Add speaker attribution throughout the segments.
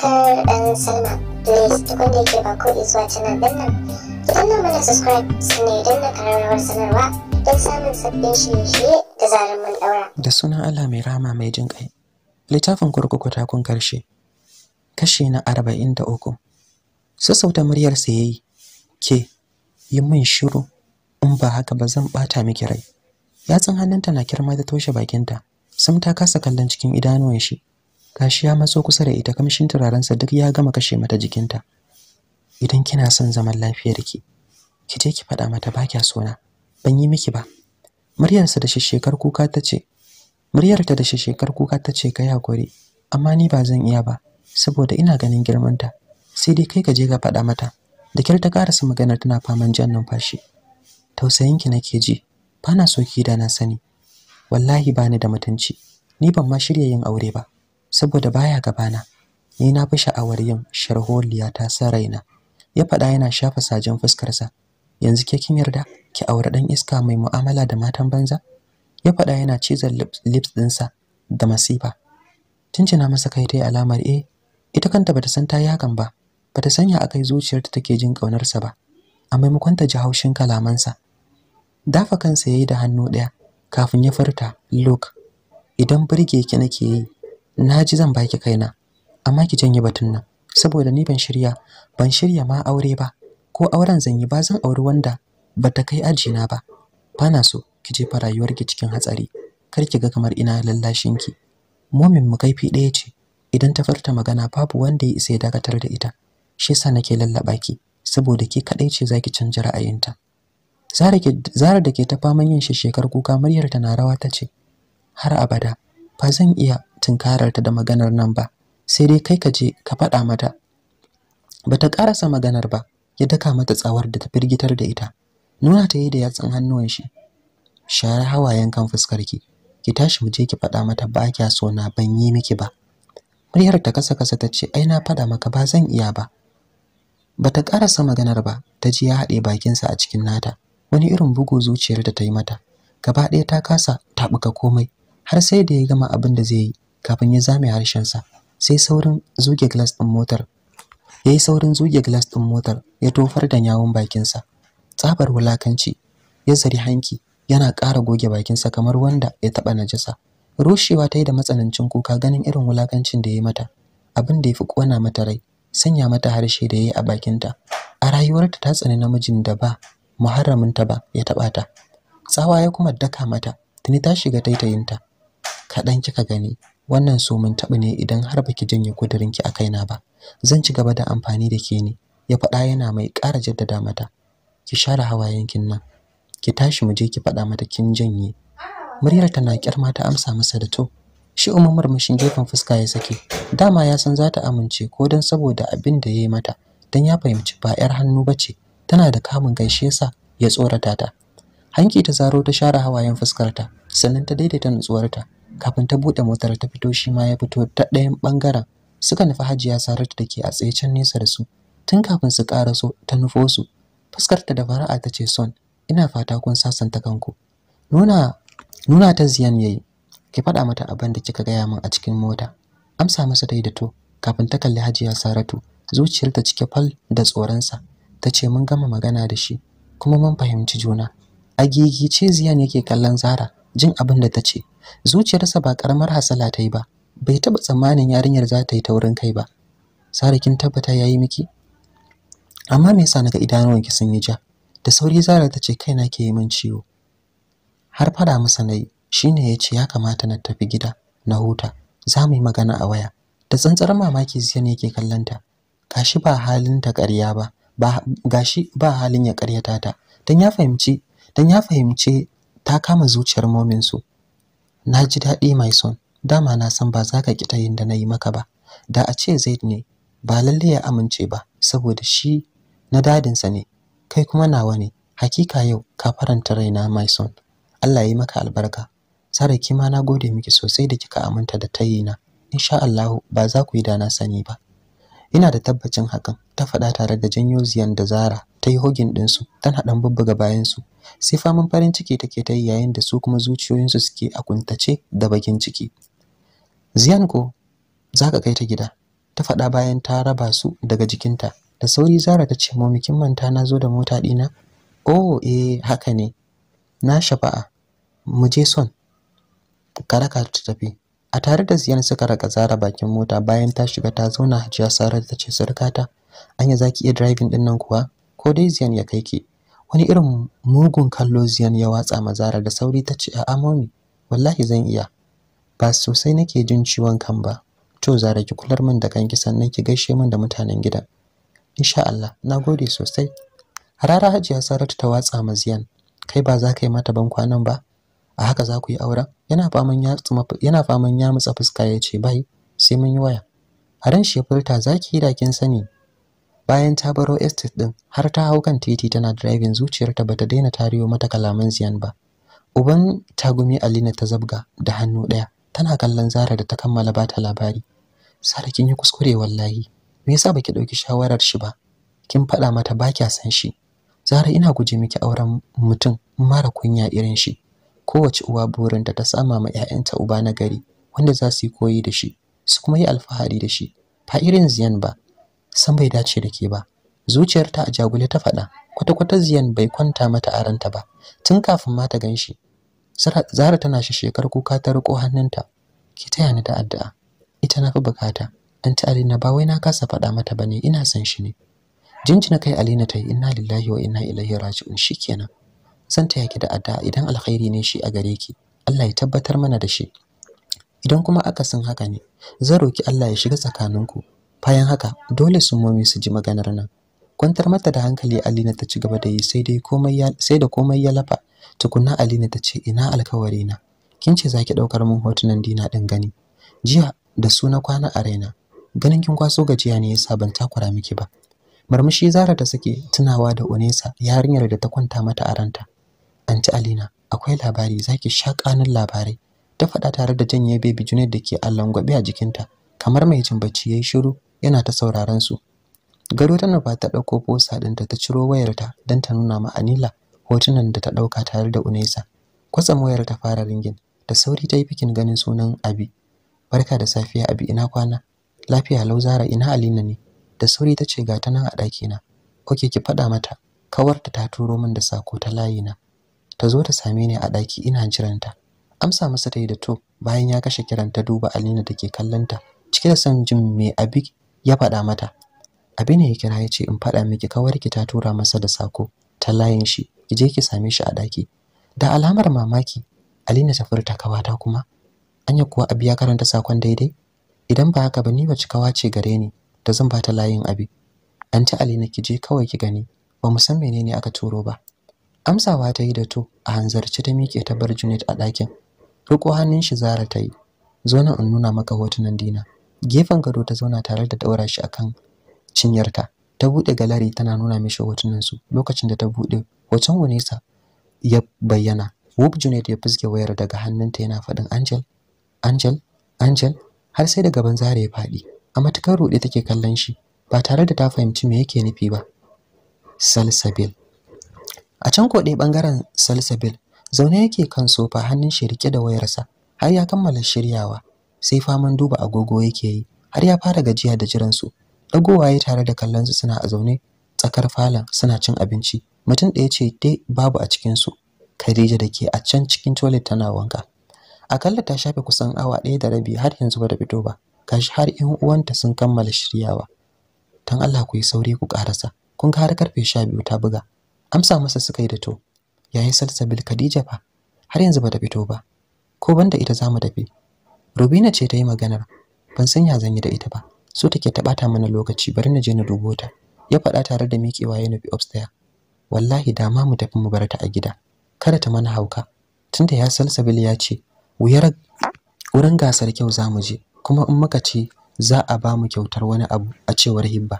Speaker 1: subscribe and sign up. Please ke subscribe sanarwa don samun sabbin shirye-shirye da zarar Allah mai rama mai jin kai. Littafin kurkuku ta kun karshe. Kashi na arba'in da uku. Sassauta muryar sa yayi. Ke yi min shiru in ba haka ba zan bata miki rai. Yatsun hannunta na kirma da toshe bakinta. Sam ta kasa kallon cikin idanuwan shi. gashi ya matso kusa da ita kamshin turarensa duk ya gama kashe mata jikinta idan kina son zaman lafiyar ki ki je ki faɗa mata ba kya sona ban yi miki ba muryarsa da shishekar kuka ta ce muryarta da shishekar kuka ta kai hakuri amma ni ba zan iya ba saboda ina ganin girmanta sai dai kai ka je ka faɗa mata da kyar ta karasa maganar tana faman jan numfashi tausayinki nake ji bana so ki da na sani wallahi bani da mutunci ni ban ma shirya yin aure ba saboda baya gabana ni na fi sha'awar yin sharholiya ta san raina ya faɗa yana shafa sajen fuskarsa yanzu ke kin yarda ki aure dan iska mai mu'amala da matan banza ya faɗa yana cizon lips sa da masifa tuncina masa kai ta yi alamar eh ita kanta bata san ta yi hakan ba bata sanya a zuciyar zuciyarta take jin ƙaunarsa ba a maimakon ta ji haushin kalamansa dafa kansa yayi da hannu ɗaya kafin ya furta look idan burge ki nake yi na ji zan baki kaina amma ki janye batun nan saboda ni ban shirya ban shirya ma aure ba ko auren zan yi ba zan auri wanda bata kai aji na ba bana so ki jefa ki cikin hatsari kar ki ga kamar ina lallashin ki momin mu kaifi ɗaya ce idan ta farta magana babu wanda ya isa ya dakatar da ita shi yasa nake lallaba ki saboda ki kaɗai ce zaki canja ra'ayinta Zara da ke ta faman yin shekar kuka muryar ta na rawa ta ce har abada ba zan iya tunkarar ta da maganar nan ba sai dai kai ka je ka faɗa mata bata ƙarasa maganar ba ya daka mata tsawar da ta firgitar da ita nuna ta yi da yatsun hannuwan shi share hawayen kan fuskar ki ki tashi mu je ki faɗa mata ba kya so na ban yi miki ba muryar ta kasa kasa ta ce ai na faɗa maka ba zan iya ba bata ƙarasa maganar ba ta ji ya haɗe bakinsa a cikin nata wani irin bugu zuciyar ta yi mata gaba ɗaya ta kasa taɓuka komai har sai da ya gama abin da zai yi kafin ya zame harshensa sai saurin zuge glass din motar ya yi saurin zuge glass ɗin motar ya tofar da nyawun bakinsa tsabar wulakanci ya zari hanki yana ƙara goge bakinsa kamar wanda ya taɓa najasa rushewa ta yi da matsanancin kuka ganin irin wulakancin da ya yi mata abin da ya fi ƙona mata rai sanya mata harshe da ya yi a bakinta a rayuwarta ta tsani namijin da ba muharramin ta ba ya taɓa ta tsawa ya kuma daka mata tuni ta shiga taitayinta kaɗan kika gani wannan so mun taɓa ne idan har baki janye kudirinki a kaina ba zan ci gaba da amfani da ke ne ya faɗa yana mai ƙara jaddada mata ki share hawayenkin nan ki tashi mu je ki faɗa mata kin janye muryar na kyar ta amsa masa da to shi umar murmushin gefen fuska ya sake dama ya san za ta amince ko don saboda abin da ya yi mata don ya fahimci ba 'yar hannu ba ce tana da kamun gaishe sa ya tsorata ta hanki ta zaro ta share hawayen fuskarta sannan ta daidaita nutsuwarta kafin ta buɗe motar ta fito shi ma ya fito ta ɗayan ɓangaren suka nufi hajiya saratu da ke a tsaye can nesa da su tun kafin su ƙara so ta nufo su fuskarta da fara'a ta ce son ina fata kun sasanta kanku nuna nuna ta ziyan yayi ki faɗa mata abin da kika gaya min a cikin mota amsa masa dai kafin ta kalli hajiya saratu zuciyar ta cike fal da tsoronsa ta ce mun gama magana da shi kuma mun fahimci juna a gigice ziyan yake kallon zara jin abin da ta ce zuciyarsa ba karamar hasala ta yi ba bai taɓa tsammanin yarinyar za ta yi taurin kai ba sarakin tabbata ya yi miki amma me yasa naga idanuwanki sun yi ja da sauri zara ta ce kaina ke yi min ciwo har faɗa masa nayi shine ya ce ya kamata na tafi gida na huta za mu yi magana a waya da tsantsar mamaki ziyan yake kallanta gashi ba halin ta ƙarya ba gashi ba halin ya ƙaryata ta dan ya fahimci dan ya fahimce ta kama zuciyar momin su na ji daɗi mai son dama na san ba za ka ƙi yin da na yi maka ba da a ce zaid ne ba lalle ya amince ba saboda shi na dadinsa ne kai kuma nawa ne hakika yau ka faranta raina mai son Allah ya yi maka albarka Sara kima na gode miki sosai da kika aminta da tayina insha Allah ba za ku yi dana sani ba ina da tabbacin hakan ta faɗa tare da janyo ziyan da Zara ta yi hogin ɗinsu tana ɗan bubbuga bayansu sai faman farin ciki take ta yi yayin da su kuma zuciyoyinsu suke a kuntace da bakin ciki ziyan ko za ka kai ta gida ta faɗa bayan ta raba su daga jikinta da sauri zara ta ce mami manta na zo da mota ɗina oh eh haka ne na shafa'a mu je son ka ta tafi a tare da ziyan suka raka zara bakin mota bayan ta shiga ta zauna hajiya sarar ta ce sarkata anya za ki iya driving din nan kuwa ko dai ziyan ya kai ki wani irin mugun kallo ziyan ya watsa mazara da sauri ta ce a'a amoni wallahi zan iya ba sosai nake jin ciwon kan ba to zara ki kular min da kanki sannan ki gaishe min da mutanen gidan insha Allah gode sosai harara hajiya saratu ta watsa ma ziyan kai ba za ka yi mata ban kwanan ba a haka za ku yi auren yana faman ya yana faman ya mutsa fuska ya ce bai sai mun yi waya a ran shi za ki yi da kin sani bayan ta baro estate din har ta hau kan titi tana driving zuciyarta bata daina tariyo mata kalaman ziyan ba uban tagumi alina ta zabga da hannu daya tana kallon zara da ta kammala bata labari sara kin yi kuskure wallahi me yasa baki dauki shawarar shi ba kin faɗa mata ba kya san shi zara ina guje miki auren mutum mara kunya irin shi kowace uwa burinta ta sama ma 'ya'yanta uba na gari wanda za su yi koyi da shi su kuma yi alfahari da shi ba irin ziyan ba san bai dace da ke ba zuciyarta a jagule ta faɗa kwata-kwata ziyan bai kwanta mata a ranta ba tun kafin ma ta ganshi. shi zara tana shi shekar kuka ta riko hannunta ki taya ni da addu'a ita na fi bukata anti alina ba wai na kasa faɗa mata bane ina san shi ne jinjina kai alina ta yi inna lillahi wa inna ilaihi raji'un shikenan zan taya ki da addu'a idan alkhairi ne shi a gare ki Allah ya tabbatar mana da shi idan kuma aka san haka ne zan roki Allah ya shiga tsakaninku bayan haka dole su momi su ji maganar nan kwantar mata da hankali Alina ta ci gaba da yi sai dai komai ya sai da komai ya lafa tukunna Alina ta ce ina alkawari na kin ce zaki daukar mun hotunan dina din gani jiya da suna kwana a raina ganin kin kwaso gajiya ne yasa ban takura miki ba murmushi Zara ta sake tunawa da Onesa yarinyar da ta kwanta mata a ranta anti Alina akwai labari zaki sha labarai ta faɗa tare da janye baby Junaid da ke allon gwabe a jikinta kamar mai jin bacci yayi shiru yana ta sauraron su gado tana nufa ta ɗauko posa ɗinta ta ciro wayarta don ta nuna ma anila hotunan da ta ɗauka tare da unesa kwatsam wayar ta fara ringin da sauri ta yi fikin ganin sunan abi barka da safiya abi ina kwana lafiya lau zara ina alina ne da sauri ta ce ga ta nan a ɗakina oke ki faɗa mata kawarta ta turo min da sako ta layina ta zo ta same ni a ɗaki ina jiranta amsa masa ta yi da to bayan ya kashe kiran ta duba alina da ke kallonta cike da son jin me abi ya faɗa mata abin ne ya kira ya ce in faɗa miki kawar ki ta tura masa da sako ta layin shi ki je ki same shi a ɗaki da alamar mamaki alina ta furta kawata kuma anya kuwa abi ya karanta sakon daidai idan ba haka ba ni wace kawa ce gare ni da zan bata layin abi anti alina ki je kawai ki gani ba mu san menene aka turo ba amsawa ta yi da to a hanzarci ta miƙe ta bar Junet a ɗakin riko hannun shi Zara ta yi zo na in nuna maka hotunan Dina gefen gado ta zauna tare da daura shi akan cinyarta ta bude gallery tana nuna mishi hotunan su lokacin da ta bude hoton Unesa ya bayyana Wub Junet ya fuske wayar daga hannunta yana faɗin Angel Angel Angel har sai daga ban zare ya faɗi a matukar rude take kallon shi ba tare da ta fahimci me yake nufi ba Salsabil a can ko ɓangaren bangaren Salsabil zaune yake kan sofa hannun shi rike da wayarsa har ya kammala shiryawa sai faman duba agogo yake yi har ya fara gajiya da jiran su ya tare da kallon su suna a zaune tsakar falon suna cin abinci mutum ɗaya ce dai babu a cikin su Khadija da ke a can cikin toilet tana wanka akalla ta shafe kusan awa ɗaya da rabi har yanzu ba da fito ba gashi har ƴan uwanta sun kammala shiryawa dan Allah ku yi sauri ku karasa kun ga har karfe biyu ta buga amsa masa suka yi da to yayin salsabil Khadija fa har yanzu bata fito ba ko banda ita za mu tafi Rubina ce ta yi maganar. Ban san ya zan yi da ita ba. So take ta bata mana lokaci bari na je na dubo ta. Ya faɗa tare da miƙewa ya nufi upstairs. Wallahi da ma mu tafi mu bar ta a gida. Kada ta mana hauka. Tunda ya salsabil ya ce wuyar wurin gasar kyau za mu je kuma in muka ce za a ba mu kyautar wani abu a cewar Hibba.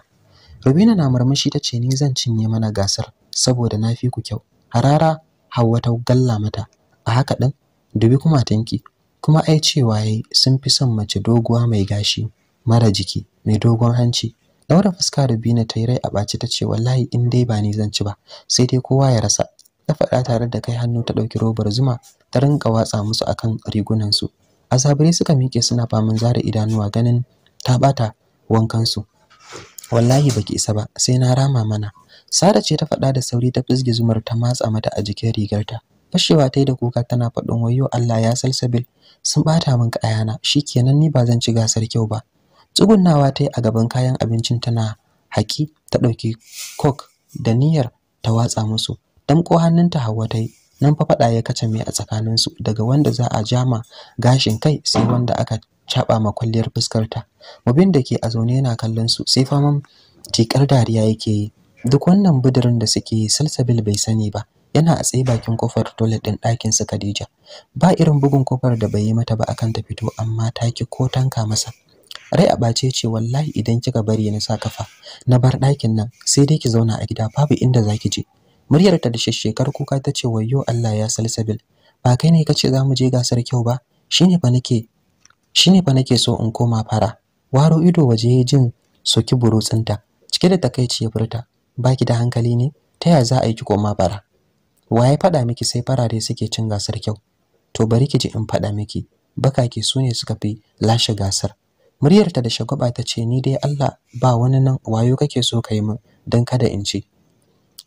Speaker 1: Rubina na murmushi ta ce ni zan cinye mana gasar saboda na fi ku kyau. Harara Hauwa ta galla mata. A haka ɗin dubi kuma tanki kuma ai cewa yayi sun fi son mace doguwa mai gashi mara jiki mai dogon hanci daura fuska Rubina ta yi rai a ɓace ta ce wallahi in dai ba ni zan ci ba sai dai kowa ya rasa ta faɗa tare da kai hannu ta ɗauki robar zuma ta rinka watsa musu akan rigunansu azabare suka miƙe suna faman zara idanuwa ganin ta ɓata wankansu wallahi baki isa ba sai na rama mana Sara ce ta faɗa da sauri ta fizgi zumar ta matsa mata a jikin rigarta fashewa ta yi da kuka tana faɗin wayo Allah ya salsabil sun ɓata min kayana shi kenan ni ba zan ci gasar kyau ba tsugunnawa ta yi a gaban kayan abincin tana haki ta ɗauki coke da niyyar ta watsa musu damƙo hannunta hawa ta yi nan fa faɗa ya kace mai a tsakaninsu daga wanda za a jama gashin kai sai wanda aka caɓa ma kwalliyar fuskarta mubin da ke a zaune yana kallon su sai faman tikar dariya yake yi duk wannan bidirin da suke yi salsabil bai sani ba yana a tsaye bakin kofar toilet din ɗakin su Khadija ba irin bugun kofar da bai yi mata ba akan ta fito amma ta ki ko tanka masa rai a bace ce wallahi idan kika bari na sa kafa na bar ɗakin nan sai dai ki zauna a gida babu inda zaki je muryar ta da shekar kuka ta ce wayyo Allah ya salsabil ba kai ne kace za mu je gasar kyau ba shine fa nake shine fa nake so in koma fara waro ido waje jin soki burutsinta cike da takaici ya furta baki da hankali ne ta ya za a yi ki koma bara Wa ya faɗa miki sai farare suke cin gasar kyau to bari ki ji in faɗa miki bakake su ne suka fi lashe gasar muryarta da shagwaba ta ce ni dai Allah ba wani nan wayo kake so ka yi min don kada in ci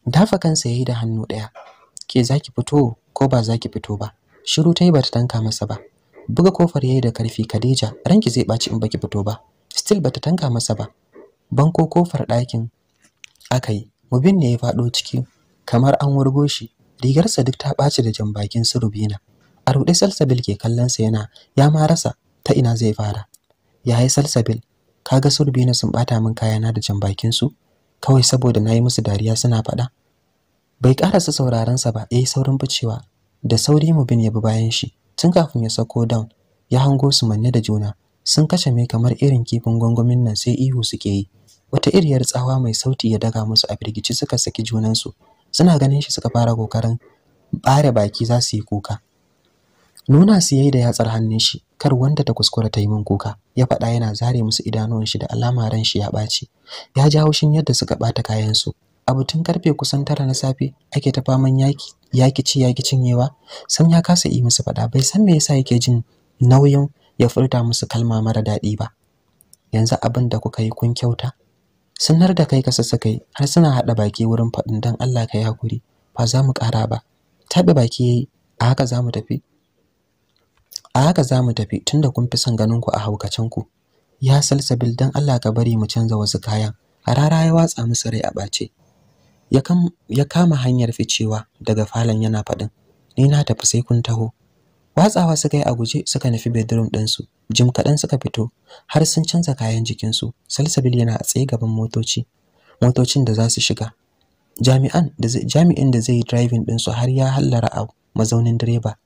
Speaker 1: dafa kansa yayi da hannu ɗaya ke zaki fito ko ba zaki fito ba shiru ta yi ba ta tanka masa ba buga kofar yayi da karfi Khadija ranki zai baci in baki fito ba still ta tanka masa ba banko kofar ɗakin akai mubin ne ya faɗo ciki kamar an wurgo shi rigarsa duk ta ɓaci da jan bakin su rubina a ruɗe salsabil ke kallon sa yana ya ma rasa ta ina zai fara yayi salsabil kaga su rubina sun bata min kayana da jan bakin su kawai saboda na yi musu dariya suna faɗa bai karasa sauraron sa ba yi saurin ficewa da sauri mu bin ya bi bayan shi tun kafin ya sako down ya hango su manne da juna sun kashe mai kamar irin kifin gwangwamin nan sai ihu suke yi wata iriyar tsawa mai sauti ya daga musu a firgici suka saki junansu suna ganin shi suka fara kokarin bare baki za su yi kuka nuna su yayi da yatsar hannun shi kar wanda ta kuskura ta yi min kuka ya faɗa yana zare musu idanuwan shi da alama ran shi ya ɓaci ya ji haushin yadda suka ɓata kayan su a butun karfe kusan tara na safe ake ta faman yaki yaki ci yaki cinyewa sam ya kasa yi musu faɗa bai san me yasa yake jin nauyin ya furta musu kalma mara daɗi ba yanzu abin da kuka yi kun kyauta sanar da kai ka kai har suna haɗa baki wurin faɗin dan Allah ka yi hakuri ba za mu ƙara ba taɓe baki yayi a haka za mu tafi a haka za mu tafi tunda kun fi son ganin ku a haukacen ku ya salsabil dan Allah ka bari mu canza wasu kayan a rara ya watsa musu rai a ɓace ya kama hanyar ficewa daga falon yana faɗin ni na tafi sai kun taho watsawa suka yi a guje suka nufi bedroom ɗinsu jim kaɗan suka fito har sun canza kayan jikinsu salsabil yana a tsaye gaban motoci motocin da za su shiga jami'an da jami'in da zai yi driving ɗinsu har ya hallara a mazaunin direba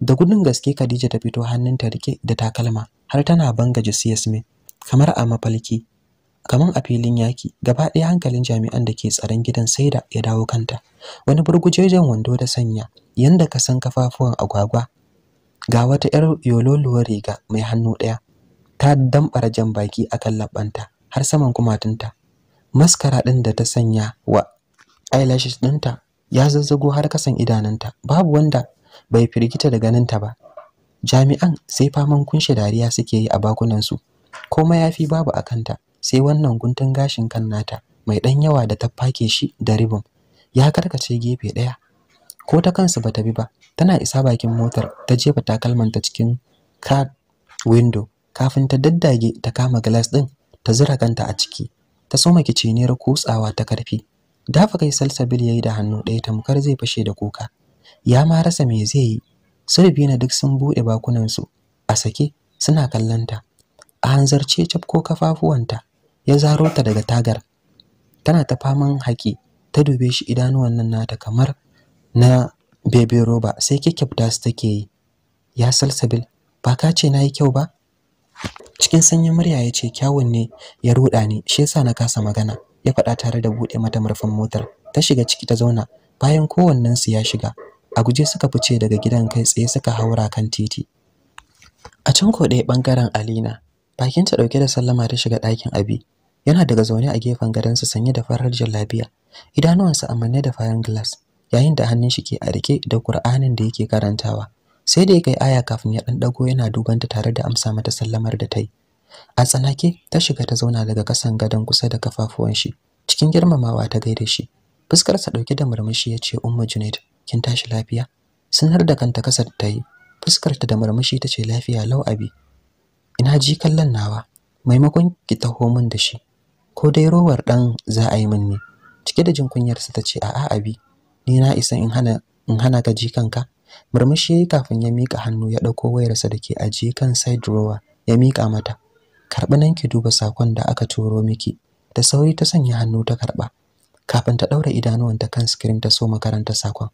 Speaker 1: da gudun gaske Khadija ta fito hannunta rike da takalma har tana banga Jesse Yasmin kamar a mafalki kamar a filin yaki gaba ɗaya hankalin jami'an da ke tsaron gidan sai da ya dawo kanta wani burgujejen wando da sanya yanda ka san kafafuwan agwagwa ga wata 'yar yololuwar riga mai hannu ɗaya ta damɓara jan baki akan labanta, har saman kumatunta maskara ɗin da ta sanya wa eyelashes ɗinta ya zazzago har kasan idanunta babu wanda bai firgita da ganinta ba jami'an sai faman kunshe dariya suke yi a bakunansu komai mayafi babu a kanta sai wannan guntun gashin kan nata mai ɗan yawa da ta fake shi da ribin ya karkace gefe ɗaya ko ta kansu bata bi ba tana isa bakin motar ta jefa takalmanta cikin car window kafin ta daddage ta kama glass din ta zura kanta a ciki ta soma kiciniyar kutsawa ta karfi dafa kai salsabil yayi da hannu ɗaya tamkar zai fashe da kuka ya ma rasa me zai yi na duk sun bude buɗe su. a sake suna kallonta a hanzarce ko kafafuwanta ya zaro ta daga tagar tana ta faman haƙi ta dube shi idanuwan nan nata kamar na bebe roba sai kyakkyafta su take yi ya salsabil ba ka ce na yi kyau ba cikin sanyin murya ya ce kyawun ne ya ruɗa ni shi yasa na kasa magana ya faɗa tare da buɗe mata murfin motar ta shiga ciki ta zauna bayan su ya shiga a guje suka fice daga gidan kai tsaye suka haura kan titi a can ko ɗaya ɓangaren alina bakinta ɗauke da sallama ta shiga ɗakin abi yana daga zaune a gefen gadonsa sanye da farar jallabiya idanuwansa amanne da fayan glass yayin da hannun shi ke a rike da Qur'anin da yake karantawa sai da ya kai aya kafin ya dan dago yana duban ta tare da amsa mata sallamar da tai a tsanake ta shiga ta zauna daga kasan gadon kusa da kafafuwan shi cikin girmamawa ta gaida shi fuskar sa dauke da murmushi yace umma Junaid kin tashi lafiya sanar da kanta kasar tai fuskar ta da murmushi tace lafiya lau abi ina ji kallon nawa maimakon ki taho min da shi ko dai rowar dan za a yi min ne cike da jin kunyar sa tace a'a abi ni na isa in hana in hana ka kanka murmushi yayi kafin ya mika hannu ya dauko wayarsa dake ajiye kan side drawer ya mika mata karbi nan ki duba sakon da aka turo miki da sauri ta sanya hannu ta karba kafin ta daura ta kan screen ta so makaranta sakon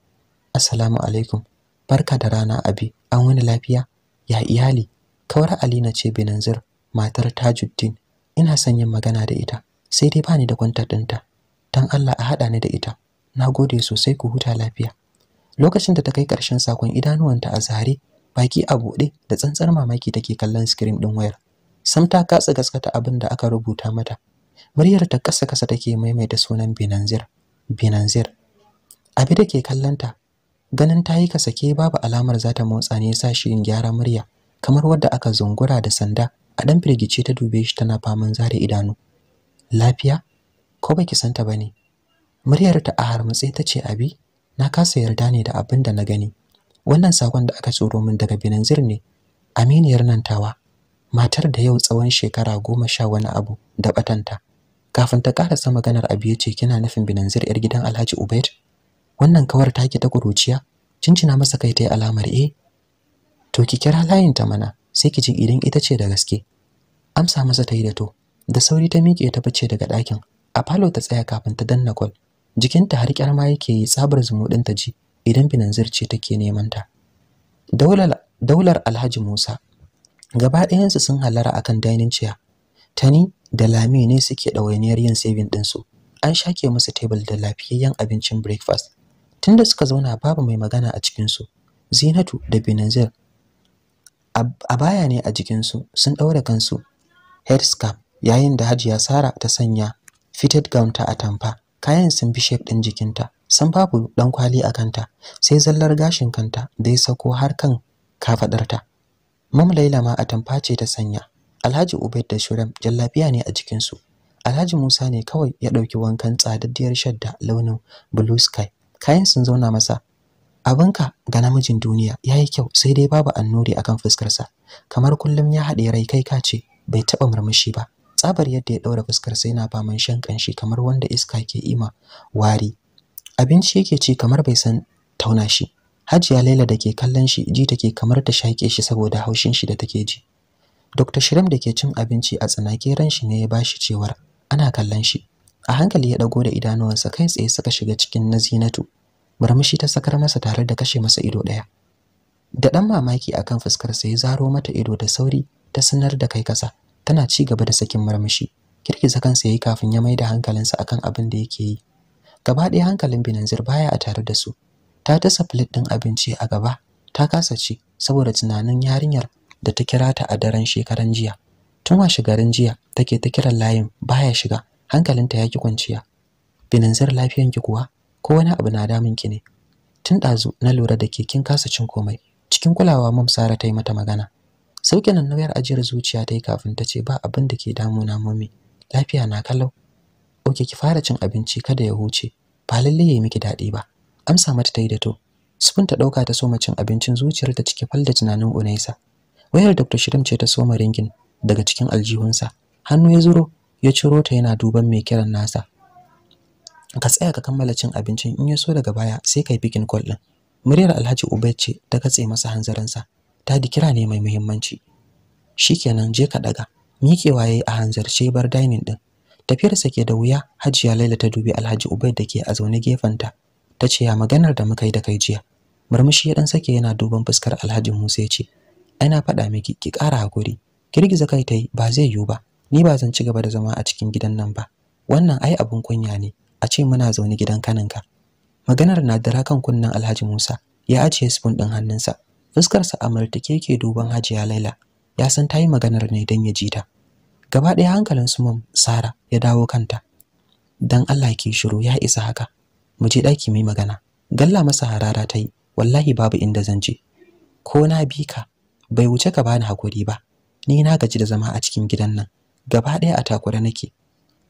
Speaker 1: assalamu alaikum barka da rana abi an wani lafiya ya iyali kawar alina ce binanzir matar tajuddin ina son yin magana da ita sai dai bani da kwantar dinta dan Allah a hada ni da ita na gode sosai ku huta lafiya lokacin da ta kai ƙarshen sakon idanuwanta a zare baki a buɗe da tsantsar mamaki take kallon screen ɗin wayar sam ta katsa gaskata abin da aka rubuta mata muryar ta kasa kasa take maimaita sunan binanzir binanzir abi da ke kallanta ganin ta yi kasake babu alamar zata motsa ne sa shi in gyara murya kamar wadda aka zungura da sanda a dan firgice ta dube shi tana faman zare idanu lafiya ko baki santa bane muryar ta a harmutse ta ce abi na kasa yarda ne da abin da na gani wannan sakon da aka tsoro min daga binanzir ne aminiyar nan tawa matar da yau tsawon shekara goma sha wani abu da batanta kafin ta karasa maganar abi yace kina nufin binanzir yar gidan Alhaji Ubaid wannan kawar taki ta kuruciya cincina masa kai ta yi alamar eh to ki kira layin ta mana sai ki ji idan ita ce da gaske amsa masa ta yi da to da sauri ta miƙe ta fice daga ɗakin a falo ta tsaya kafin ta danna kwal jikinta har kyar ma yake yi tsabar zumudin ta ji idan binanzir ce take neman ta daular daular Alhaji Musa gaba ɗayansu sun halara akan dining chair tani da Lami ne suke ɗawainiyar yin saving ɗinsu an shake musu table da lafiyayyen abincin breakfast tunda suka zauna babu mai magana a cikinsu Zinatu da Binanzir a baya ne a jikin su sun ɗaura kansu headscarf yayin da Hajiya Sara ta sanya fitted gown ta atamfa kayan sun bi shape ɗin jikinta san babu dan kwali a kanta sai zallar gashin kanta da ya sako har kan kafaɗarta mam laila ma atamfa ce ta sanya alhaji ubaid da shurem jallabiya ne a jikin su alhaji musa ne kawai ya ɗauki wankan tsadaddiyar shadda launin blue sky kayan sun zauna masa abinka ga namijin duniya yayi kyau sai dai babu annuri akan fuskarsa kamar kullum ya haɗe rai kai kace bai taɓa murmushi ba tsabar yadda ya daura fuskar sai na faman shan kanshi kamar wanda iska ke ima wari abinci yake ci kamar bai san tauna shi Hajiya Laila da ke kallon shi ji take kamar ta shaƙe shi saboda haushin shi da take ji. Dr. Shirim da ke cin abinci a tsanake ran shi ne ya ba shi cewar ana kallon shi. A hankali ya dago da idanuwansa kai tsaye suka shiga cikin na Zinatu. Murmushi ta sakar masa tare da kashe masa ido ɗaya. Da ɗan mamaki akan fuskar sa ya zaro mata ido da sauri ta sanar da kai kasa. tana ci gaba da sakin murmushi kirkiza kansa yayi kafin ya maida hankalinsa akan abin da yake yi gaba ɗaya hankalin binanzir baya a tare da su ta dasa plate din abinci a gaba ta kasa ci saboda tunanin yarinyar da ta kira ta a daren shekaran jiya tun washe garin jiya take ta kiran layin baya shiga hankalinta ya ki kwanciya binanzir lafiyanki kuwa ko wani abu na damun ki ne tun ɗazu na lura da ke kin kasa cin komai cikin kulawa mam sara ta yi mata magana sauke nan nauyar ajiyar zuciya ta yi kafin ta ce ba abin da ke damuna mami lafiya na kalau oke ki fara cin abinci kada ya huce ba lalle ya yi miki daɗi ba amsa mata ta yi da to spoon ta ɗauka ta soma cin abincin zuciyar ta cike fal da tunanin unaisa wayar dr shirim ce ta soma ringin daga cikin aljihunsa hannu ya zuro ya ciro ta yana duban mai kiran nasa ka tsaya ka kammala cin abincin in ya so daga baya sai ka yi bikin kwal ɗin muryar alhaji ubaid ce ta katse masa hanzarinsa dadi kira ne mai muhimmanci shikenan je ka daga miƙewa yayi a hanzarce bar dining din tafiyarsa ke da wuya hajiya laila ta dubi alhaji ubaid da ke a zaune gefen ta ce ya maganar da muka yi da kai jiya murmushi ya dan sake yana duban fuskar alhaji musa ya ce Ina faɗa miki ki ƙara hakuri girgiza kai tai ba zai yiwu ba ni ba zan ci gaba da zama a cikin gidan nan ba wannan ai abun kunya ne a ce muna zaune gidan kaninka maganar na dara kan kunnen alhaji musa ya ajiye spoon ɗin hannunsa fuskarsa a martake yake duban hajiya laila ya san ta yi maganar ne don ya ji ta gaba ɗaya hankalin su mam sara ya dawo kanta dan allah ki shiru ya isa haka mu je ɗaki mai magana galla masa harara ta yi wallahi babu inda zan je ko na bi ka bai wuce ka bani hakuri ba ni na gaji da zama a cikin gidan nan gaba ɗaya a takura nake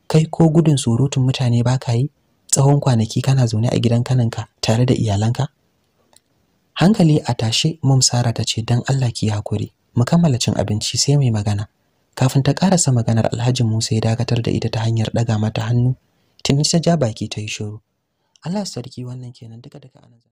Speaker 1: kai ko gudun surutun mutane ba ka yi tsawon kwanaki kana zaune a gidan kaninka tare da iyalanka hankali a tashe mum sara ta ce dan Allah ki hakuri mu kammala cin abinci sai mai magana kafin ta karasa maganar Alhaji Musa ya dakatar da ita ta hanyar daga mata hannu tuni ta ja baki ta yi shiru Allah sarki wannan kenan duka duka anan